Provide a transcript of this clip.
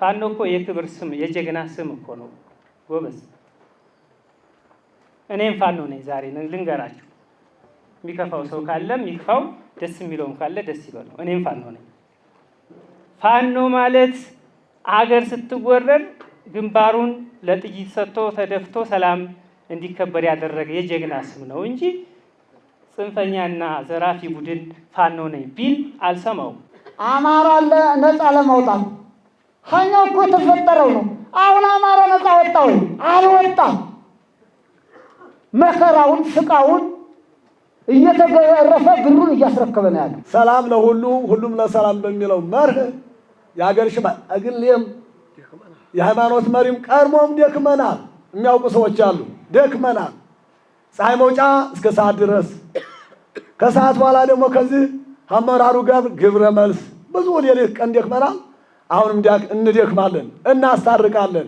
ፋኖ እኮ የክብር ስም የጀግና ስም እኮ ነው ጎበዝ። እኔም ፋኖ ነኝ ዛሬ ልንገራችሁ። የሚከፋው ሰው ካለ የሚከፋው፣ ደስ የሚለውም ካለ ደስ ይበለው። እኔም ፋኖ ነኝ። ፋኖ ማለት አገር ስትወረድ ግንባሩን ለጥይት ሰጥቶ ተደፍቶ ሰላም እንዲከበር ያደረገ የጀግና ስም ነው እንጂ ጽንፈኛና ዘራፊ ቡድን ፋኖ ነኝ ቢል አልሰማውም። አማራ ነጻ ለማውጣት ሀኛው እኮ የተፈጠረው ነው። አሁን አማራ ነፃ ወጣ ወይ? አልወጣም። መከራውን ስቃውን እየተገረፈ ብሩን እያስረከበ ነው ያለው። ሰላም ለሁሉ ሁሉም ለሰላም በሚለው መርህ የሀገር ሽማል የሃይማኖት መሪም ቀድሞም ደክመናል። የሚያውቁ ሰዎች አሉ። ደክመናል ፀሐይ መውጫ እስከ ሰዓት ድረስ ከሰዓት በኋላ ደግሞ ከዚህ አመራሩ ጋር ግብረ መልስ ብዙ ሌሊት ቀን ደክመናል። አሁንም እንደክማለን፣ እናስታርቃለን።